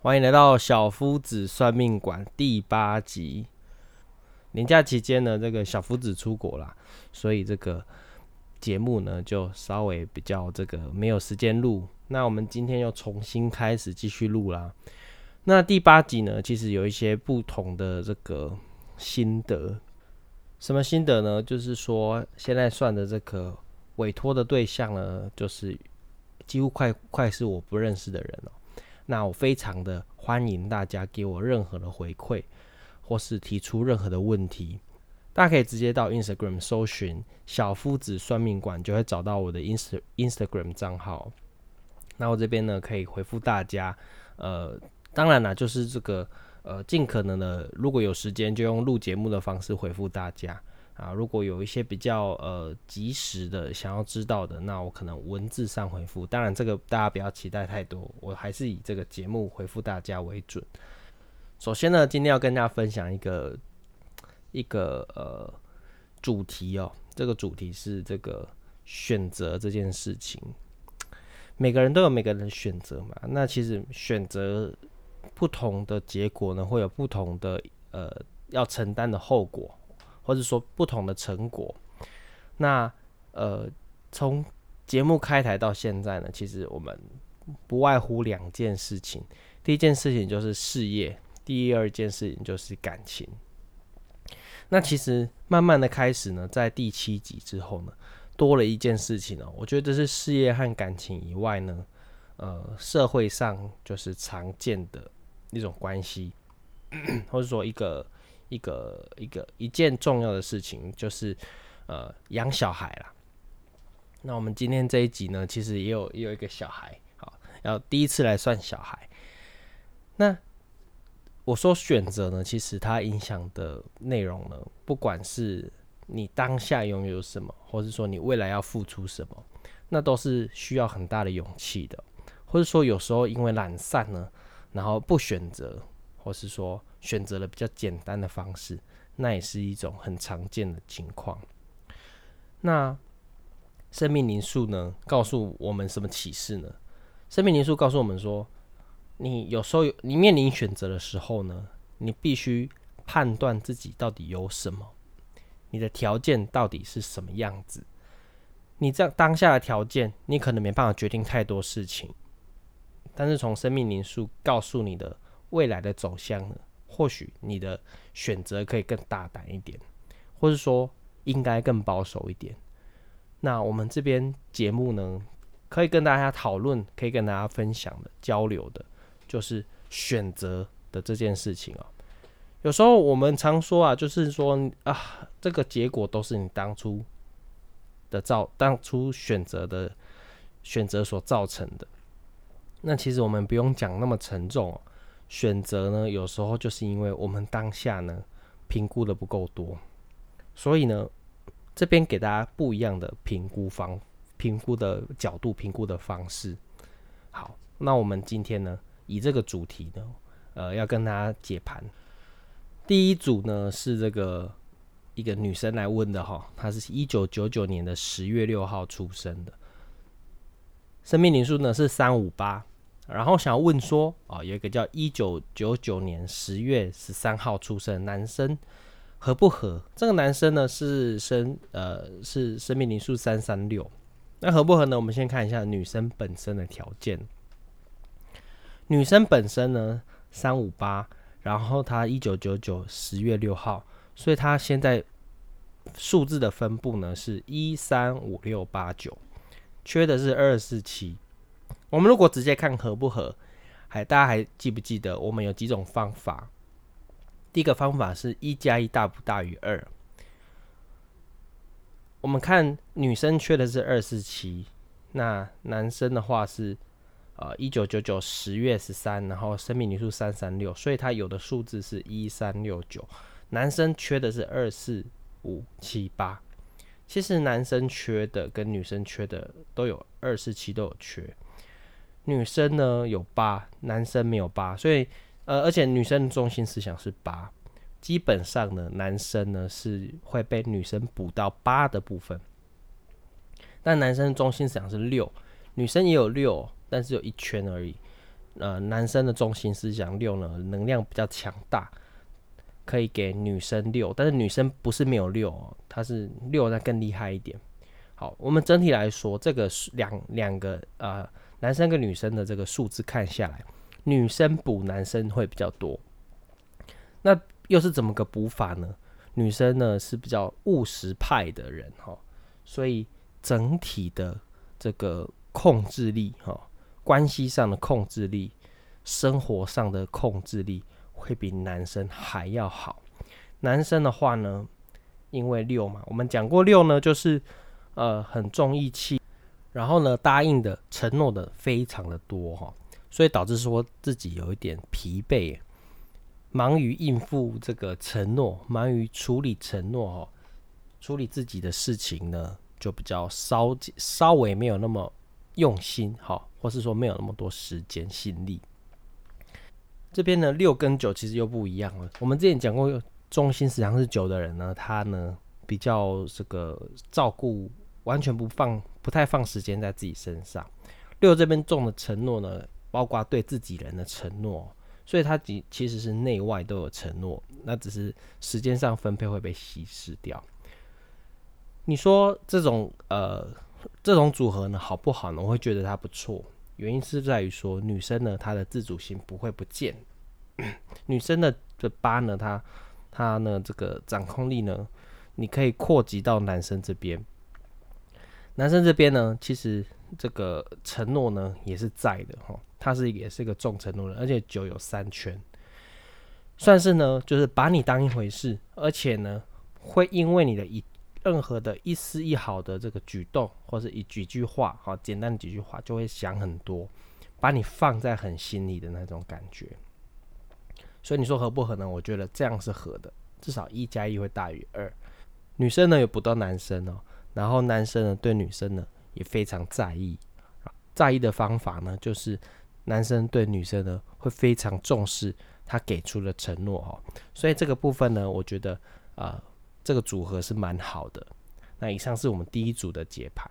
歡迎來到小夫子算命館第八集。年假期間呢，這個小夫子出國啦，所以這個節目呢就稍微比較這個沒有時間錄。那我們今天又重新開始繼續錄啦。那第八集呢，其實有一些不同的這個心得。什麼心得呢？就是說現在算的這個委托的對象呢，就是幾乎快快是我不認識的人哦。那我非常的歡迎大家給我任何的回饋，或是提出任何的問題，大家可以直接到 Instagram 搜尋“小夫子算命館”就會找到我的 Inst Instagram 賬號。那我這邊呢，可以回復大家，呃，當然啦，就是這個呃，盡可能的，如果有時間就用錄節目的方式回復大家。啊，如果有一些比較呃及時的想要知道的，那我可能文字上回復。當然，這個大家不要期待太多，我還是以這個節目回復大家為準。首先呢，今天要跟大家分享一個一個呃主題哦，這個主題是這個選擇這件事情。每個人都有每個人的選擇嘛，那其實選擇不同的結果呢，會有不同的呃要承擔的後果。或者說不同的成果，那呃，從節目開台到現在呢，其實我們不外乎兩件事情。第一件事情就是事業，第二件事情就是感情。那其實慢慢的開始呢，在第七集之後呢，多了一件事情呢、哦，我覺得這是事業和感情以外呢，呃，社會上就是常見的一種關係， 或者說一個。一個一個一件重要的事情就是，呃，養小孩啦。那我們今天這一集呢，其實也有也有一個小孩，好，要第一次來算小孩。那我說選擇呢，其實它影響的內容呢，不管是你當下擁有什麼，或是說你未來要付出什麼，那都是需要很大的勇氣的。或是說有時候因為懶散呢，然後不選擇。或是說選擇了比較簡單的方式，那也是一種很常見的情況。那生命靈數呢，告訴我們什麼啟示呢？生命靈數告訴我們說，你有時候有你面臨選擇的時候呢，你必須判斷自己到底有什麼，你的條件到底是什麼樣子。你在當下的條件，你可能沒辦法決定太多事情，但是從生命靈數告訴你的。未來的走向呢，或許你的選擇可以更大膽一點，或是說應該更保守一點。那我們這邊節目呢，可以跟大家討論，可以跟大家分享的交流的，就是選擇的這件事情啊、哦。有時候我們常說啊，就是說啊，這個結果都是你當初的造，當初選擇的選擇所造成的。那其實我們不用講那麼沉重、啊。選擇呢，有時候就是因為我們當下呢，評估的不夠多，所以呢，這邊給大家不一樣的評估方、評估的角度、評估的方式。好，那我們今天呢，以這個主題呢，呃，要跟大家解盤。第一組呢是這個一個女生來問的哈、哦，她是一九九九年的十月六號出生的，生命靈數呢是三五八。然後想要問說，啊、哦，有一個叫一九九九年十月十三號出生的男生，合不合？這個男生呢是生呃是生命靈數三三六，那合不合呢？我們先看一下女生本身的條件。女生本身呢三五八，8, 然後她一九九九十月六號，所以她現在數字的分布呢是一三五六八九，缺的是二四七。我們如果直接看合不合，還大家還記不記得我們有幾種方法？第一個方法是一加一大不大於二。我們看女生缺的是二四七，那男生的話是呃一九九九十月十三，然後生命靈數三三六，所以他有的數字是一三六九。男生缺的是二四五七八。其實男生缺的跟女生缺的都有，二四七都有缺。女生呢有八，男生沒有八，所以呃，而且女生的中心思想是八，基本上呢，男生呢是會被女生補到八的部分，但男生的中心思想是六，女生也有六，但是有一圈而已。呃，男生的中心思想六呢，能量比較強大，可以給女生六，但是女生不是沒有六哦，她是六那更厲害一點。好，我們整體來說，這個是兩兩個呃。男生跟女生的這個數字看下來，女生補男生會比較多。那又是怎麼個補法呢？女生呢是比較務實派的人哈、哦，所以整體的這個控制力哈、哦，關係上的控制力、生活上的控制力會比男生還要好。男生的話呢，因為六嘛，我們講過六呢，就是呃很重義氣。然後呢，答應的，承諾的非常的多哈、哦，所以導致說自己有一點疲憊，忙於應付這個承諾，忙於處理承諾哦，處理自己的事情呢，就比較稍稍微沒有那麼用心好、哦，或是說沒有那麼多時間心力。這邊呢，六跟九其實又不一樣了。我們之前講過，中心思想是九的人呢，他呢比較這個照顧，完全不放，不太放時間在自己身上，六這邊重的承諾呢，包括對自己人的承諾，所以他其其實是內外都有承諾，那只是時間上分配會被稀釋掉。你說這種呃這種組合呢好不好呢？我會覺得他不錯，原因是在於說女生呢，她的自主性不會不見，嗯、女生的的八呢，她她呢這個掌控力呢，你可以擴及到男生這邊。男生這邊呢，其實這個承諾呢也是在的哈，他是也是一個重承諾人，而且酒有三圈，算是呢就是把你當一回事，而且呢會因為你的一任何的一絲一毫的這個舉動，或是一幾句話哈，簡單的幾句話就會想很多，把你放在很心裡的那種感覺。所以你說合不合呢？我覺得這樣是合的，至少一加一會大於二。女生呢有不到男生哦、喔。然後男生呢，對女生呢也非常在意、啊，在意的方法呢，就是男生對女生呢會非常重視他給出的承諾哦。所以這個部分呢，我覺得啊、呃，這個組合是蠻好的。那以上是我們第一組的解盤，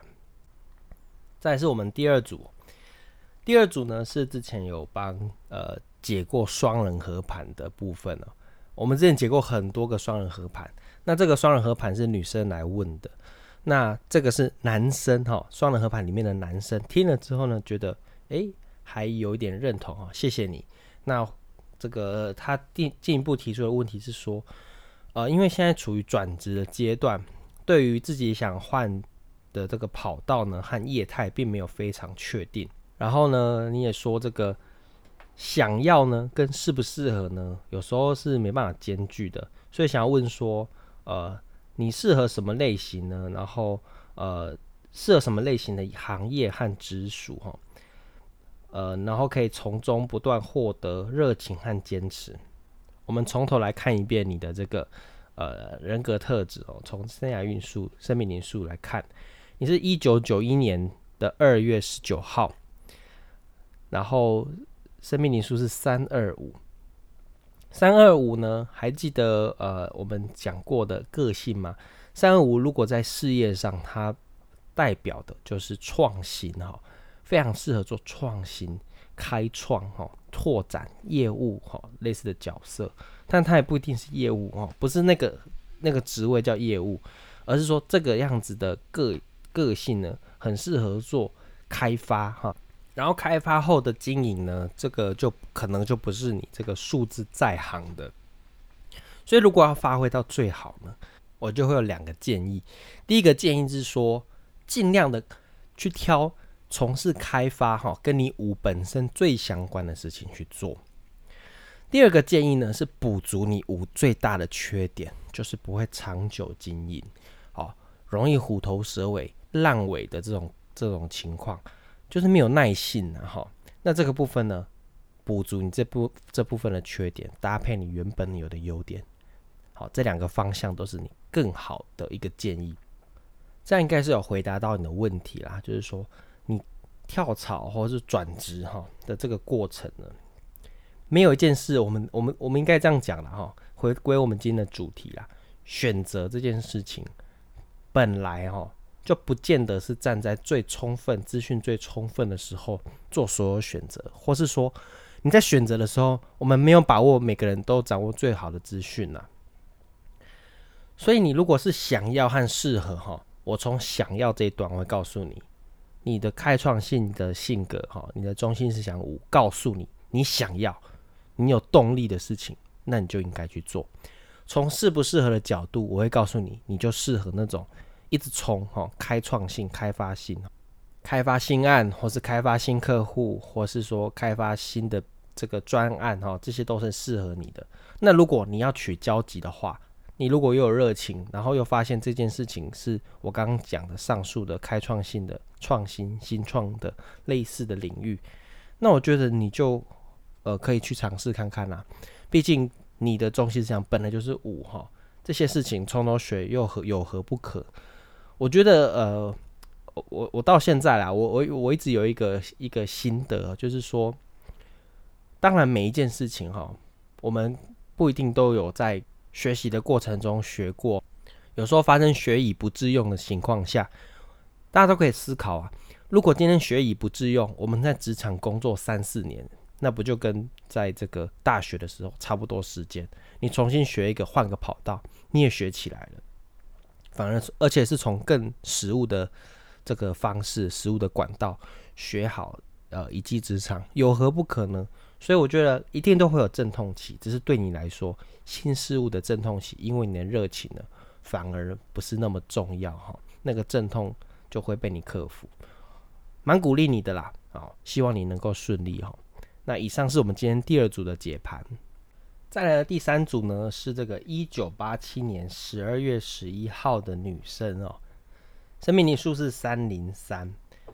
再是我們第二組，第二組呢是之前有幫呃解過雙人合盤的部分哦。我們之前解過很多個雙人合盤，那這個雙人合盤是女生來問的。那這個是男生哈、哦，雙人合盤裡面的男生聽了之後呢，覺得哎、欸，還有一點認同啊、哦，謝謝你。那這個、呃、他進進一步提出的問題是說，呃，因為現在處於轉職的階段，對於自己想換的這個跑道呢和業態，並沒有非常確定。然後呢，你也說這個想要呢跟適不適合呢，有時候是沒辦法兼具的，所以想要問說，呃。你適合什麼類型呢？然後，呃，適合什麼類型的行業和職屬哈？呃，然後可以從中不斷獲得熱情和堅持。我們從頭來看一遍你的這個呃人格特質哦，從生涯運數、生命靈數來看，你是一九九一年的二月十九號，然後生命靈數是三二五。三二五呢？還記得呃我們講過的個性嗎？三二五如果在事業上，它代表的就是創新哈，非常適合做創新、開創哈、拓展業務哈，類似的角色。但它也不一定是業務哈，不是那個那個職位叫業務，而是說這個樣子的個個性呢，很適合做開發哈。然後開發後的經營呢，這個就可能就不是你這個數字在行的，所以如果要發揮到最好呢，我就會有兩個建議。第一個建議是說，盡量的去挑從事開發哈、哦，跟你五本身最相關的事情去做。第二個建議呢，是補足你五最大的缺點，就是不會長久經營，好、哦、容易虎頭蛇尾、爛尾的這種這種情況。就是沒有耐性了、啊、哈，那這個部分呢，補足你這部這部分的缺點，搭配你原本有的優點，好，這兩個方向都是你更好的一個建議，這樣應該是有回答到你的問題啦，就是說你跳槽或者是轉職哈的這個過程呢，沒有一件事我們，我們我們我們應該這樣講了哈，回歸我們今天的主題啦，選擇這件事情本來哈。就不見得是站在最充分資訊、最充分的時候做所有選擇，或是說你在選擇的時候，我們沒有把握每個人都掌握最好的資訊吶。所以，你如果是想要和適合哈，我從想要這一段我會告訴你，你的開創性的性格哈，你的中心思想五，告訴你你想要、你有動力的事情，那你就應該去做。從適不適合的角度，我會告訴你，你就適合那種。一直衝哈、哦，開創性、開發性，開發新案，或是開發新客戶，或是說開發新的這個專案哈、哦，這些都是適合你的。那如果你要取交集的話，你如果又有熱情，然後又發現這件事情是我剛剛講的上述的開創性的、創新、新創的類似的領域，那我覺得你就呃可以去嘗試看看啦、啊。畢竟你的中心思想本來就是五哈、哦，這些事情從頭學又何有何不可？我覺得，呃，我我到現在啦，我我我一直有一個一個心得啊，就是說，當然每一件事情哈，我們不一定都有在學習的過程中學過，有時候發生學以不致用的情況下，大家都可以思考啊。如果今天學以不致用，我們在職場工作三四年，那不就跟在這個大學的時候差不多時間？你重新學一個，換個跑道，你也學起來了。反而，而且是從更實物的這個方式，實物的管道學好，呃，一技之長有何不可呢？所以我覺得一定都會有陣痛期，只是對你來說，新事物的陣痛期，因為你的熱情呢，反而不是那麼重要哈，哦，那個陣痛就會被你克服，蠻鼓勵你的啦，好，哦，希望你能夠順利哈，哦。那以上是我們今天第二組的解盤。再來的第三組呢，是這個一九八七年十二月十一號的女生哦，生命年數是三零三。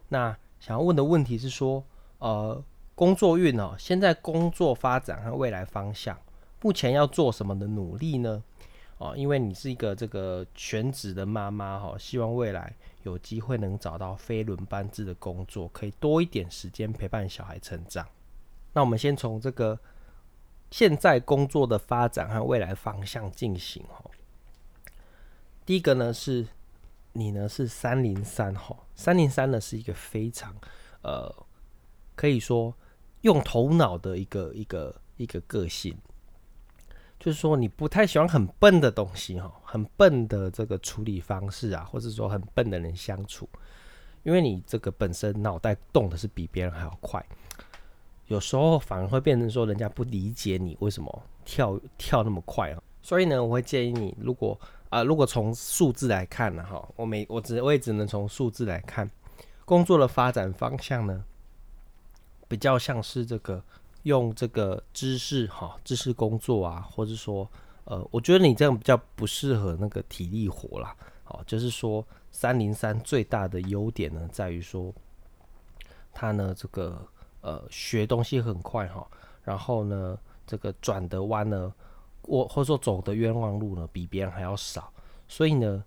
那想要問的問題是說，呃，工作運哦，現在工作發展和未來方向，目前要做什麼的努力呢？哦，因為你是一個這個全職的媽媽哈、哦，希望未來有機會能找到非輪班制的工作，可以多一點時間陪伴小孩成長。那我們先從這個。現在工作的發展和未來方向進行哦。第一個呢是，你呢是三零三，三零三呢是一個非常呃，可以說用頭腦的一個一個一個個性，就是說你不太喜歡很笨的東西哈，很笨的這個處理方式啊，或者說很笨的人相處，因為你這個本身腦袋動的是比別人還要快。有時候反而會變成說人家不理解你為什麼跳跳那麼快啊！所以呢，我會建議你如果，呃，如果啊，如果從數字來看呢，哈，我沒，我只我也只能從數字來看，工作的發展方向呢，比較像是這個用這個知識哈，知識工作啊，或者說呃，我覺得你這樣比較不適合那個體力活啦，哦，就是說三零三最大的優點呢，在於說他呢這個。呃，學東西很快哈，哦，然後呢，這個轉的彎呢，或或者說走的冤枉路呢，比別人還要少。所以呢，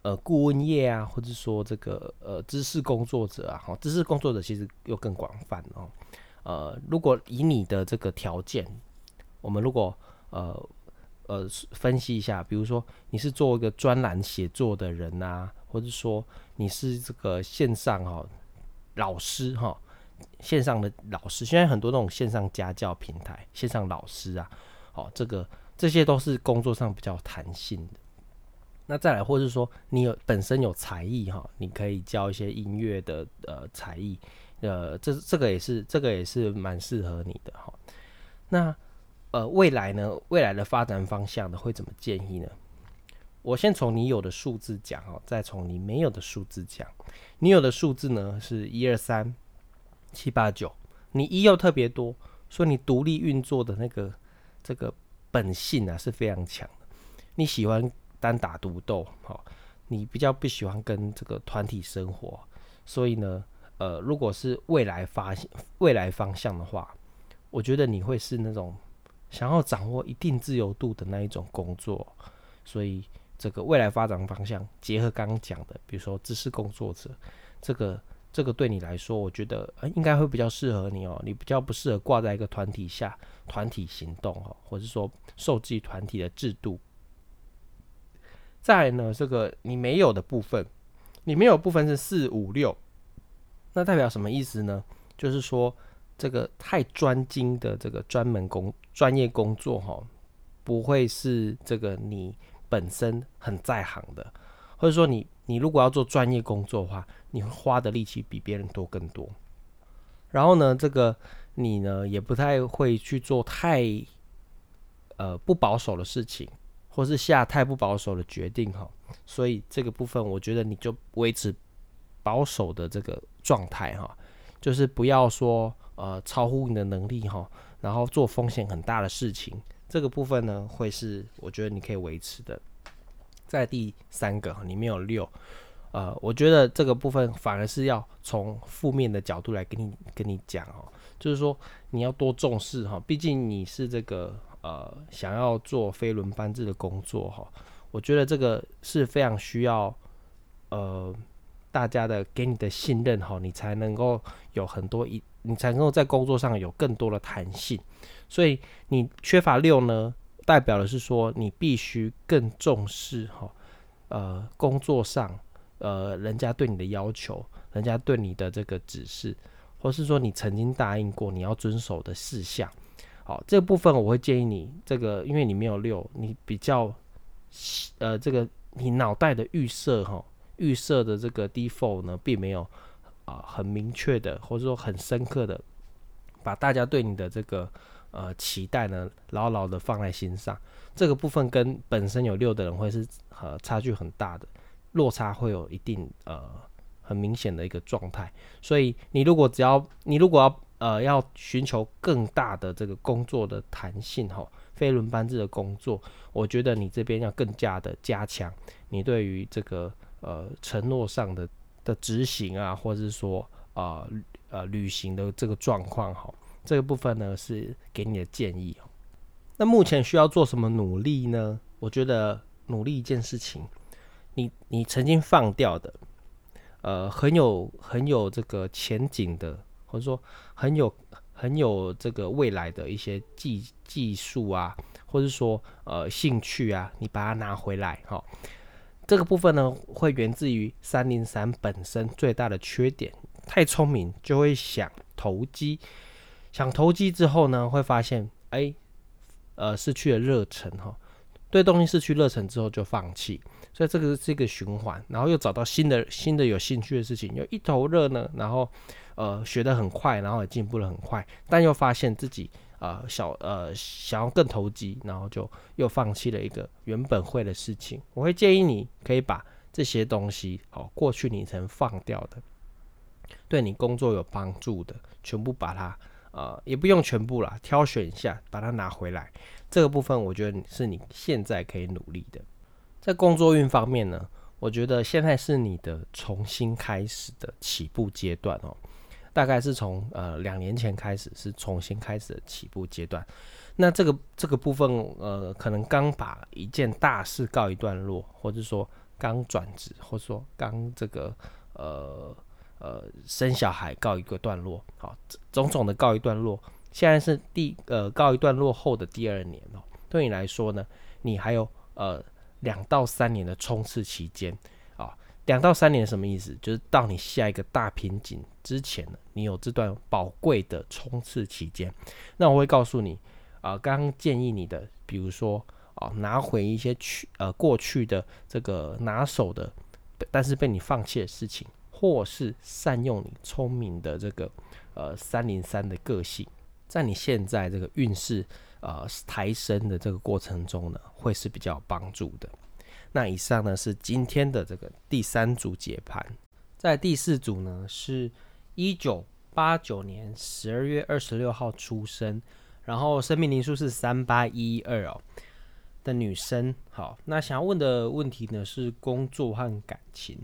呃，顧問業啊，或者說這個呃知識工作者啊，哈，知識工作者其實又更廣泛哦。呃，如果以你的這個條件，我們如果呃呃分析一下，比如說你是做一個專欄寫作的人啊，或者說你是這個線上哈，哦，老師哈，哦。線上的老師，現在很多那種線上家教平台、線上老師啊，好、哦，這個這些都是工作上比較彈性的。那再來，或者說你有本身有才藝哈、哦，你可以教一些音樂的呃才藝，呃，這這個也是這個也是蠻適合你的哈、哦。那呃未來呢，未來的發展方向呢會怎麼建議呢？我先從你有的數字講哦，再從你沒有的數字講。你有的數字呢是一、二、三。七八九，你一又特別多，所以你獨立運作的那個這個本性啊是非常強的。你喜歡單打獨鬥，好、哦，你比較不喜歡跟這個團體生活，所以呢，呃，如果是未來發現未來方向的話，我覺得你會是那種想要掌握一定自由度的那一種工作。所以，這個未來發展方向結合剛剛講的，比如說知識工作者這個。這個對你來說，我覺得應該會比較適合你哦。你比較不適合掛在一個團體下，團體行動哦，或者說受制於團體的制度。再來呢，這個你沒有的部分，你沒有的部分是四五六，那代表什麼意思呢？就是說，這個太專精的這個專門工專業工作哈、哦，不會是這個你本身很在行的。或者說你，你如果要做專業工作的話，你花的力氣比別人多更多。然後呢，這個你呢也不太會去做太呃不保守的事情，或是下太不保守的決定哈。所以這個部分，我覺得你就維持保守的這個狀態哈，就是不要說呃超乎你的能力哈，然後做風險很大的事情。這個部分呢，會是我覺得你可以維持的。在第三個哈，你沒有六，呃，我覺得這個部分反而是要從負面的角度來跟你跟你講哦，就是說你要多重視哈，畢竟你是這個呃想要做非輪班制的工作哈，我覺得這個是非常需要呃大家的給你的信任哈，你才能夠有很多一，你才能夠在工作上有更多的彈性，所以你缺乏六呢，代表的是說，你必須更重視哈，呃，工作上，呃，人家對你的要求，人家對你的這個指示，或是說你曾經答應過你要遵守的事項，好，這個部分我會建議你，這個因為你沒有六，你比較，呃，這個你腦袋的預設哈，呃、預設的這個 default 呢，並沒有啊、呃、很明確的，或者說很深刻的，把大家對你的這個，呃，期待呢，牢牢的放在心上，這個部分跟本身有六的人會是呃差距很大的，落差會有一定呃很明顯的一個狀態。所以你如果只要你如果要呃要尋求更大的這個工作的彈性哈，非輪班制的工作，我覺得你這邊要更加的加強你對於這個呃承諾上的的執行啊，或者是說啊呃呃、履行的這個狀況哈。這個部分呢，是給你的建議。那目前需要做什麼努力呢？我覺得努力一件事情，你你曾經放掉的，呃，很有很有這個前景的，或者說很有很有這個未來的一些技技術啊，或者說呃興趣啊，你把它拿回來哈、哦。這個部分呢，會源自於三零三本身最大的缺點，太聰明就會想投機。想投機之後呢，會發現哎，呃，失去了熱忱哈，對東西失去熱忱之後就放棄，所以這個是一個循環，然後又找到新的新的有興趣的事情，又一頭熱呢，然後呃，學得很快，然後也進步得很快，但又發現自己呃小呃想要更投機，然後就又放棄了一個原本會的事情。我會建議你可以把這些東西哦，過去你曾放掉的，對你工作有幫助的，全部把它。啊、呃，也不用全部啦，挑選一下，把它拿回來。這個部分我覺得是你現在可以努力的。在工作運方面呢，我覺得現在是你的重新開始的起步階段哦，大概是從呃兩年前開始是重新開始的起步階段。那這個這個部分呃，可能剛把一件大事告一段落，或者說剛轉職，或者說剛這個呃。呃，生小孩告一個段落，好、哦，種種的告一段落。現在是第呃告一段落後的第二年哦。對你來說呢，你還有呃兩到三年的衝刺期間啊。兩、哦、到三年什麼意思？就是到你下一個大瓶頸之前呢，你有這段寶貴的衝刺期間。那我會告訴你啊，剛、呃、剛建議你的，比如說啊、哦，拿回一些去呃過去的這個拿手的，但是被你放棄的事情。或是善用你聰明的這個呃三零三的個性，在你現在這個運勢呃抬升的這個過程中呢，會是比較有幫助的。那以上呢是今天的這個第三組解盤，在第四組呢是1989年12月26號出生，然後生命靈數是三八一二哦的女生。好，那想要問的問題呢是工作和感情。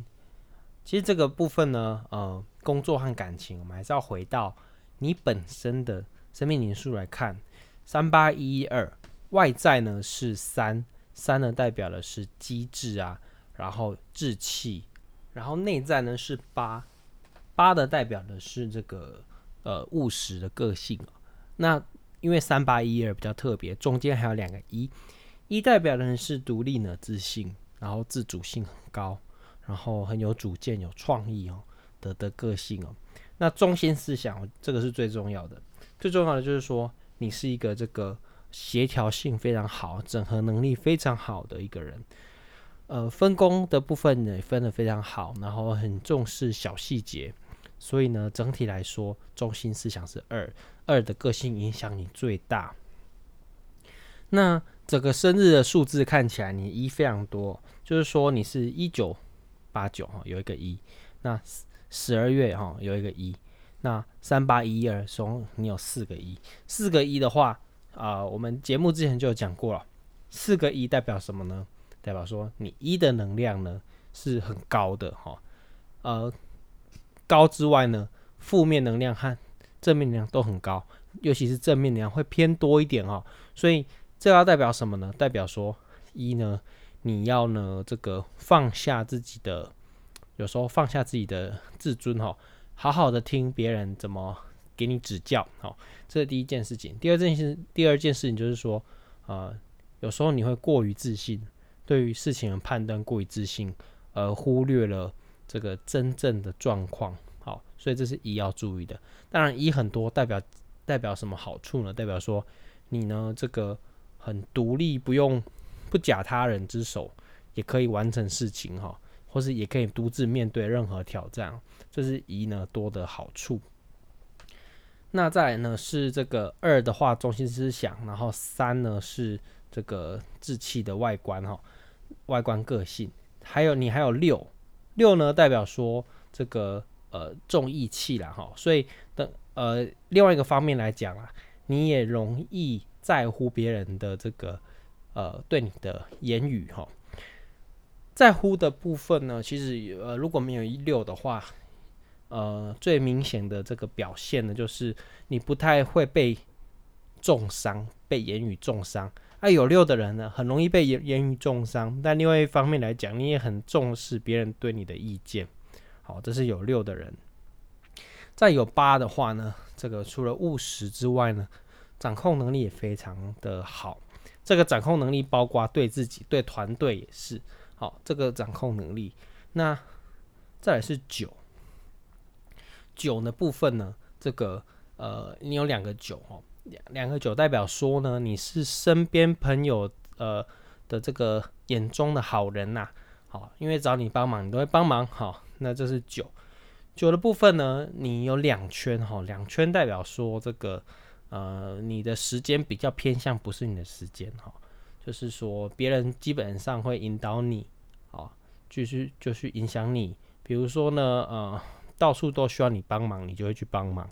其實這個部分呢，呃，工作和感情，我們還是要回到你本身的生命年數來看。三八一一二，外在呢是三，三呢代表的是機智啊，然後志氣，然後內在呢是八，八的代表的是這個呃務實的個性。那因為三八一一二比較特別，中間還有兩個一，一代表的是獨立呢自信，然後自主性很高。然後很有主見、有創意哦的的個性哦。那中心思想這個是最重要的，最重要的就是說你是一個這個協調性非常好、整合能力非常好的一個人。呃，分工的部分呢也分得非常好，然後很重視小細節，所以呢整體來說中心思想是二二的個性影響你最大。那整個生日的數字看起來你一非常多，就是說你是一九。八九哈有一個一，那十二月哈有一個一，那三八一二，總共你有四個一。四個一的話，啊、呃，我們節目之前就有講過了，四個一代表什麼呢？代表說你一的能量呢是很高的哈，呃，高之外呢，負面能量和正面能量都很高，尤其是正面能量會偏多一點啊、哦。所以這要代表什麼呢？代表說一呢？你要呢，這個放下自己的，有時候放下自己的自尊哈、哦，好好的聽別人怎麼給你指教，好、哦，這是第一件事情。第二件事情，第二件事情就是，第二件事情就是說，呃，有時候你會過於自信，對於事情的判斷過於自信，而忽略了這個真正的狀況，好、哦，所以這是一要注意的。當然，一很多代表代表什麼好處呢？代表說你呢，這個很獨立，不用。不假他人之手也可以完成事情哈，或是也可以獨自面對任何挑戰，這是一呢多的好處。那再來呢是這個二的話中心思想，然後三呢是這個志氣的外觀哈，外觀個性，還有你還有六六呢代表說這個呃重義氣啦。哈，所以等呃另外一個方面來講啊，你也容易在乎別人的這個。呃，對你的言語哈、哦，在乎的部分呢，其實呃，如果沒有一六的話，呃，最明顯的這個表現呢，就是你不太會被重傷，被言語重傷那、啊、有六的人呢，很容易被言言語重傷，但另外一方面來講，你也很重視別人對你的意見。好，這是有六的人。再有八的話呢，這個除了務實之外呢，掌控能力也非常的好。這個掌控能力包括對自己、對團隊也是。好，這個掌控能力。那再來是九。九的部分呢？這個呃，你有兩個九哦，兩兩個九代表說呢，你是身邊朋友呃的這個眼中的好人吶、啊。好、哦，因為找你幫忙，你都會幫忙。好、哦，那這是九。九的部分呢？你有兩圈哈、哦，兩圈代表說這個。呃，你的時間比較偏向不是你的時間哈、哦，就是說別人基本上會引導你，哦，就是就去影響你，比如說呢，呃，到處都需要你幫忙，你就會去幫忙，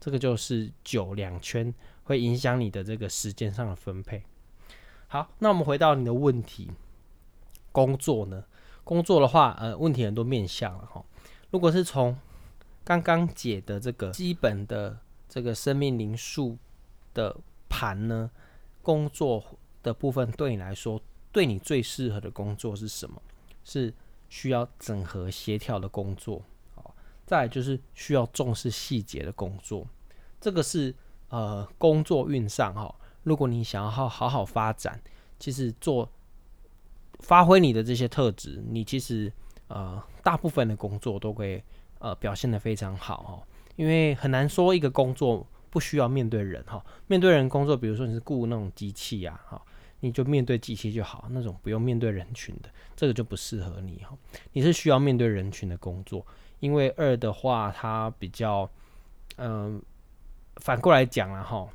這個就是九兩圈會影響你的這個時間上的分配。好，那我們回到你的問題，工作呢？工作的話，呃，問題很多面向了哈、哦。如果是從剛剛解的這個基本的。這個生命靈數的盤呢，工作的部分對你來說，對你最適合的工作是什麼？是需要整合協調的工作，再來就是需要重視細節的工作。這個是呃，工作運上哈、哦，如果你想要好好發展，其實做發揮你的這些特質，你其實呃，大部分的工作都會呃表現得非常好哦。因為很難說一個工作不需要面對人哈，面對人工作，比如說你是雇那種機器呀哈，你就面對機器就好，那種不用面對人群的，這個就不適合你哈。你是需要面對人群的工作，因為二的話，它比較嗯，反過來講了哈，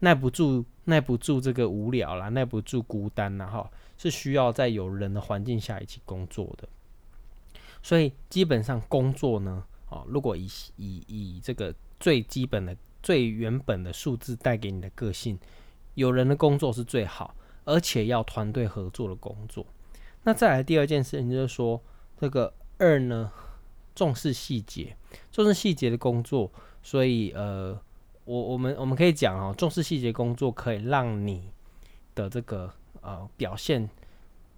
耐不住耐不住這個無聊啦，耐不住孤單啦，哈，是需要在有人的環境下一起工作的，所以基本上工作呢。哦，如果以以以這個最基本的、最原本的數字帶給你的個性，有人的工作是最好，而且要團隊合作的工作。那再來第二件事情就是說，這個二呢，重視細節，重視細節的工作。所以呃，我我們我們可以講哦，重視細節工作可以讓你的這個呃表現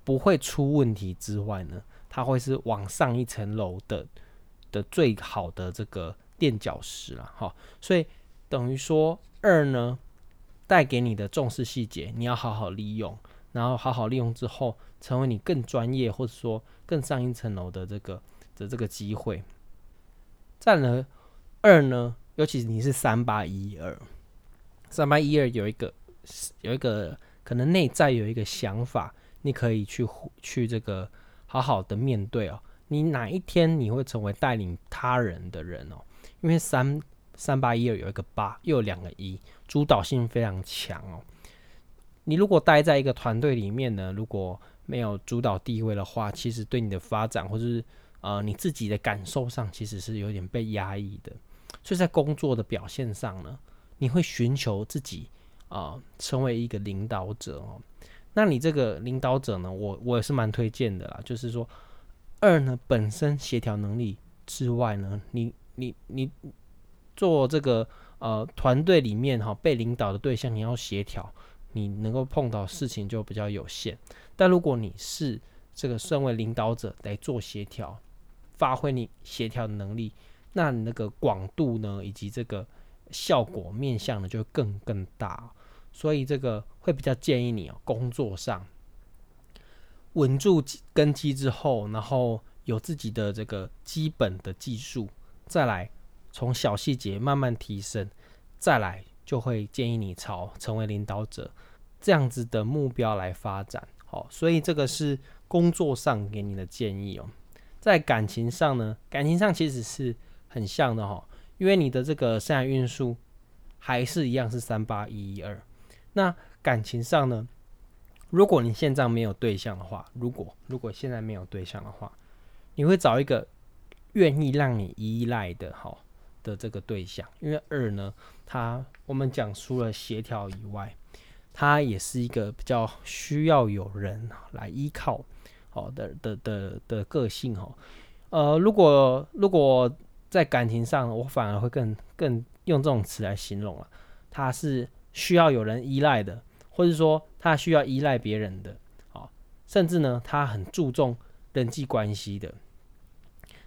不會出問題之外呢，它會是往上一層樓的。的最好的這個墊腳石了哈，所以等於說二呢，帶給你的重視細節，你要好好利用，然後好好利用之後，成為你更專業或者說更上一層樓的這個的這個機會。再來二呢，尤其你是三八一二，三八一二有一個有一個可能內在有一個想法，你可以去去這個好好的面對哦、喔。你哪一天你會成為帶領他人的人哦？因為三八一一二有一個八，又有兩個一，主導性非常強哦。你如果待在一個團隊裡面呢，如果沒有主導地位的話，其實對你的發展或者是呃你自己的感受上，其實是有點被壓抑的。所以在工作的表現上呢，你會尋求自己啊、呃、成為一個領導者哦。那你這個領導者呢，我我也是蠻推薦的啦，就是說。二呢，本身協調能力之外呢，你你你做這個呃團隊裡面哈、哦、被領導的對象，你要協調，你能夠碰到事情就比較有限。但如果你是這個身為領導者來做協調，發揮你協調能力，那你那個廣度呢，以及這個效果面向呢，就更更大。所以這個會比較建議你哦，工作上。穩住根基之後，然後有自己的這個基本的技術，再來從小細節慢慢提升，再來就會建議你朝成為領導者這樣子的目標來發展。好，所以這個是工作上給你的建議哦。在感情上呢，感情上其實是很像的哈、哦，因為你的這個三陽運數還是一樣是三八一一二。那感情上呢？如果你現在沒有對象的話，如果如果現在沒有對象的話，你會找一個願意讓你依賴的，哈的這個對象。因為二呢，它我們講除了協調以外，它也是一個比較需要有人來依靠，好的的的的個性，哦，呃，如果如果在感情上，我反而會更更用這種詞來形容了，啊，它是需要有人依賴的，或者說。他需要依賴別人的，哦，甚至呢，他很注重人際關係的。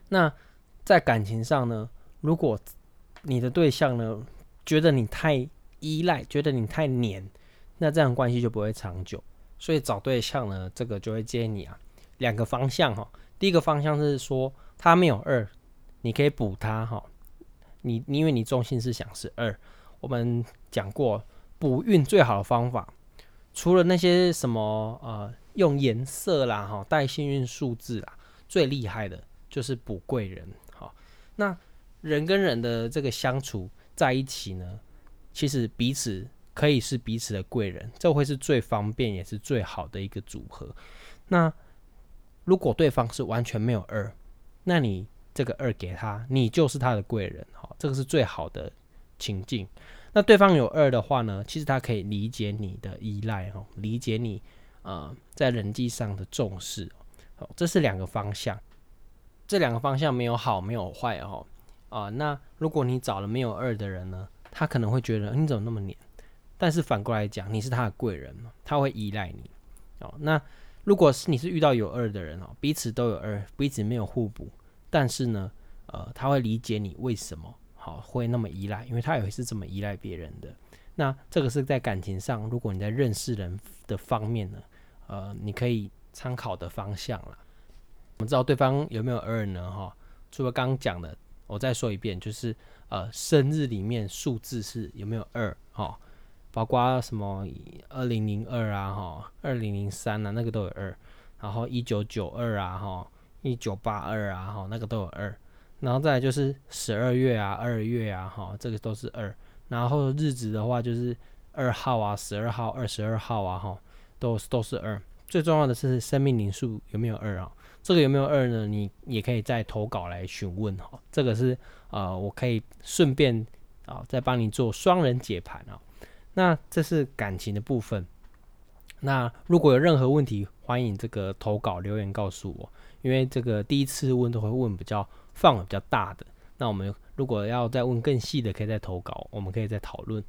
那在感情上呢，如果你的對象呢覺得你太依賴，覺得你太黏，那這樣關係就不會長久。所以找對象呢，這個就會建議你啊，兩個方向哈、哦。第一個方向是說他沒有二，你可以補他哈、哦。你因為你中心思想是二，我們講過補運最好的方法。除了那些什麼呃，用顏色啦、哈帶幸運數字啦，最厲害的就是補貴人。好、哦，那人跟人的這個相處在一起呢，其實彼此可以是彼此的貴人，這會是最方便也是最好的一個組合。那如果對方是完全沒有二，那你這個二給他，你就是他的貴人。好、哦，這個是最好的情境。那對方有二的話呢，其實他可以理解你的依賴哦，理解你呃在人際上的重視哦。這是兩個方向，這兩個方向沒有好沒有壞哦啊、呃。那如果你找了沒有二的人呢，他可能會覺得你怎麼那麼黏。但是反過來講，你是他的貴人嘛，他會依賴你哦、呃。那如果是你是遇到有二的人哦，彼此都有二，彼此沒有互補，但是呢，呃，他會理解你為什麼。好，會那麼依賴，因為他也是這麼依賴別人的。那這個是在感情上，如果你在認識人的方面呢，呃，你可以參考的方向了。我們知道對方有沒有二呢？哈、哦，除了剛剛講的，我再說一遍，就是呃，生日裡面數字是有沒有二？哈，包括什麼二零零二啊？哈、哦，二零零三啊，那個都有二。然後一九九二啊？哈、哦，一九八二啊？哈、哦，那個都有二。然後再來就是十二月啊、二月啊，哈，這個都是二。然後日子的話就是二號啊、十二號、二十二號啊，哈，都都是二。最重要的是生命靈數有沒有二啊？這個有沒有二呢？你也可以在投稿來詢問哈。這個是啊、呃，我可以順便啊、哦、再幫你做雙人解盤哦。那這是感情的部分。那如果有任何問題，歡迎這個投稿留言告訴我，因為這個第一次問都會問比較。放圍比較大的，那我們如果要再問更細的，可以再投稿，我們可以再討論。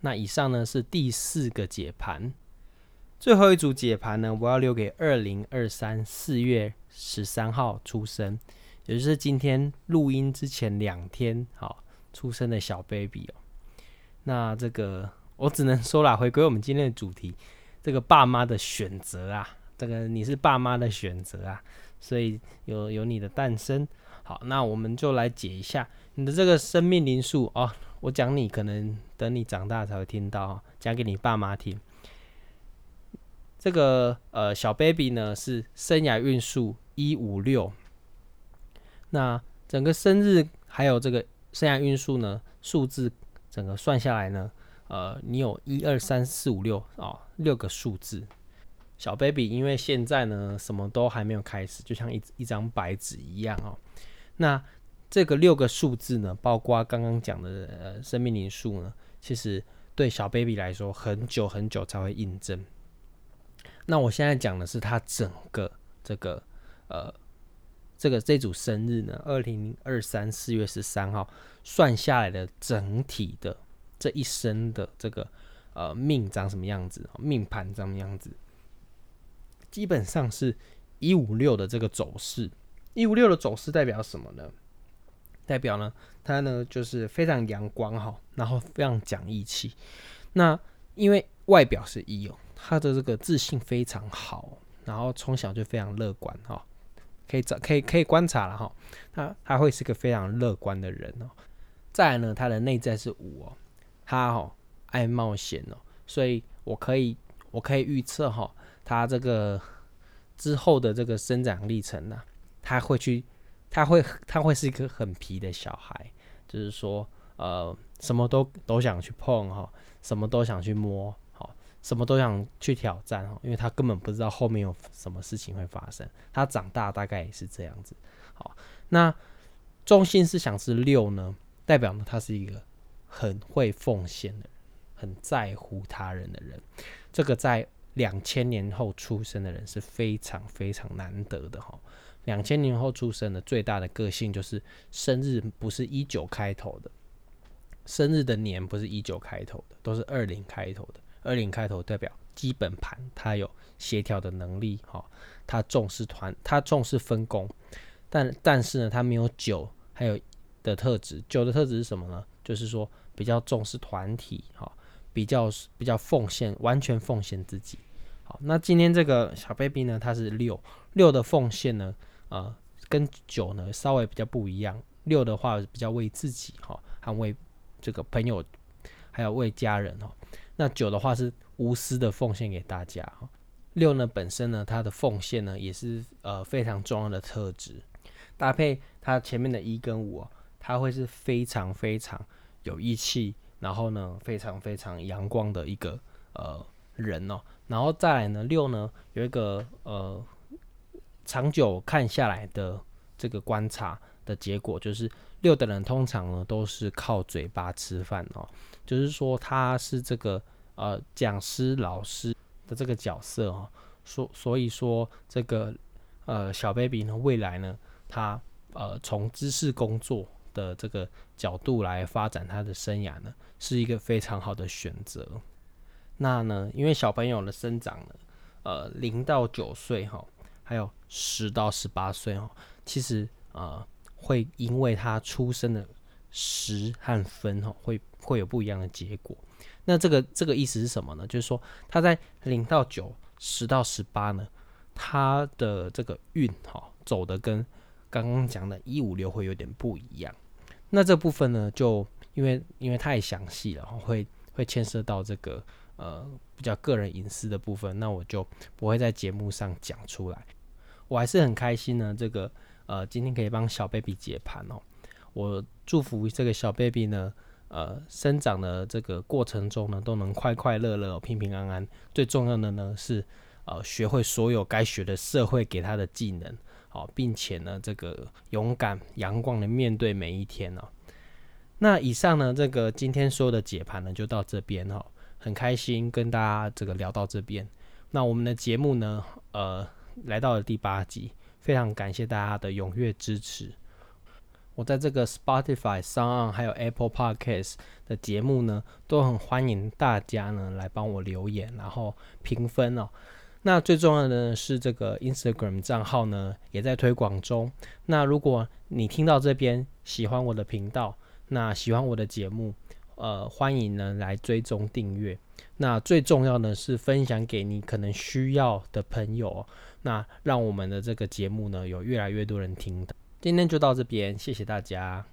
那以上呢是第四個解盤，最後一組解盤呢，我要留給二零二三年四月十三號出生，也就是今天錄音之前兩天，好出生的小 baby 哦。那這個我只能說啦，回歸我們今天的主題，這個爸媽的選擇啊，這個你是爸媽的選擇啊。所以有有你的誕生，好，那我們就來解一下你的這個生命靈數哦。我講你可能等你長大才會聽到，講給你爸媽聽。這個呃小 baby 呢是生涯運數一五六，那整個生日還有這個生涯運數呢數字，整個算下來呢，呃，你有一二三四五六啊六個數字。小 baby，因為現在呢，什麼都還沒有開始，就像一一張白紙一樣哦。那這個六個數字呢，包括剛剛講的呃生命靈數呢，其實對小 baby 來說，很久很久才會印證。那我現在講的是他整個這個呃這個這組生日呢，二零二三四月十三號算下來的整體的這一生的這個呃命長什麼樣子，命盤長什麼樣子？基本上是一五六的這個走勢，一五六的走勢代表什麼呢？代表呢，他呢就是非常陽光哈，然後非常講義氣。那因為外表是一哦，他的這個自信非常好，然後從小就非常樂觀哈，可以找可以可以觀察了哈。他他會是一個非常樂觀的人哦。再來呢，他的內在是五哦，他哦愛冒險哦，所以我可以我可以預測哈。他這個之後的這個生長歷程呢、啊，他會去，他會，他會是一個很皮的小孩，就是說，呃，什麼都都想去碰哈，什麼都想去摸哈，什麼都想去挑戰哈，因為他根本不知道後面有什麼事情會發生。他長大大概也是這樣子。好，那中心思想是六呢，代表呢他是一個很會奉獻的人，很在乎他人的人。這個在。兩千年後出生的人是非常非常難得的哈。兩千年後出生的最大的個性就是生日不是一九開頭的，生日的年不是一九開頭的，都是二零開頭的。二零開頭代表基本盤，他有協調的能力哈，他重視團，他重視分工，但但是呢，他沒有九，還有的特質。九的特質是什麼呢？就是說比較重視團體哈，比較比較奉獻，完全奉獻自己。那今天這個小 baby 呢，它是六六的奉獻呢，呃跟九呢稍微比較不一樣。六的話比較為自己哈，還為這個朋友，還有為家人哦。那九的話是無私的奉獻給大家哈。六呢本身呢，它的奉獻呢也是呃非常重要的特質，搭配它前面的一跟五，它會是非常非常有義氣，然後呢非常非常陽光的一個呃。人哦，然後再來呢，六呢有一個呃長久看下來的這個觀察的結果，就是六的人通常呢都是靠嘴巴吃飯哦，就是說他是這個呃講師老師的這個角色哦，所所以說這個呃小 baby 呢未來呢他呃從知識工作的這個角度來發展他的生涯呢，是一個非常好的選擇。那呢，因為小朋友的生長呢，呃，零到九歲哈，還有十到十八歲哈，其實啊、呃，會因為他出生的時和分哈，會會有不一樣的結果。那這個這個意思是什麼呢？就是說他在零到九、十到十八呢，他的這個運哈走的跟剛剛講的一五六會有點不一樣。那這個部分呢，就因為因為太詳細了，會會牽涉到這個。呃，比較個人隱私的部分，那我就不會在節目上講出來。我還是很開心呢，這個呃，今天可以幫小 baby 解盤哦。我祝福這個小 baby 呢，呃，生長的這個過程中呢，都能快快樂樂、哦、平平安安。最重要的呢是，呃，學會所有該學的社會給他的技能哦，並且呢，這個勇敢、陽光的面對每一天哦。那以上呢，這個今天說的解盤呢，就到這邊哦。很開心跟大家這個聊到這邊，那我們的節目呢，呃，來到了第八集，非常感謝大家的踴躍支持。我在這個 Spotify、SoundOn 還有 Apple Podcasts 的節目呢，都很歡迎大家呢來幫我留言，然後評分哦。那最重要的呢是這個 Instagram 賬號呢也在推廣中。那如果你聽到這邊喜歡我的頻道，那喜歡我的節目。呃，歡迎呢來追蹤訂閱。那最重要的是分享給你可能需要的朋友，那讓我們的這個節目呢有越來越多人聽到。今天就到這邊，謝謝大家。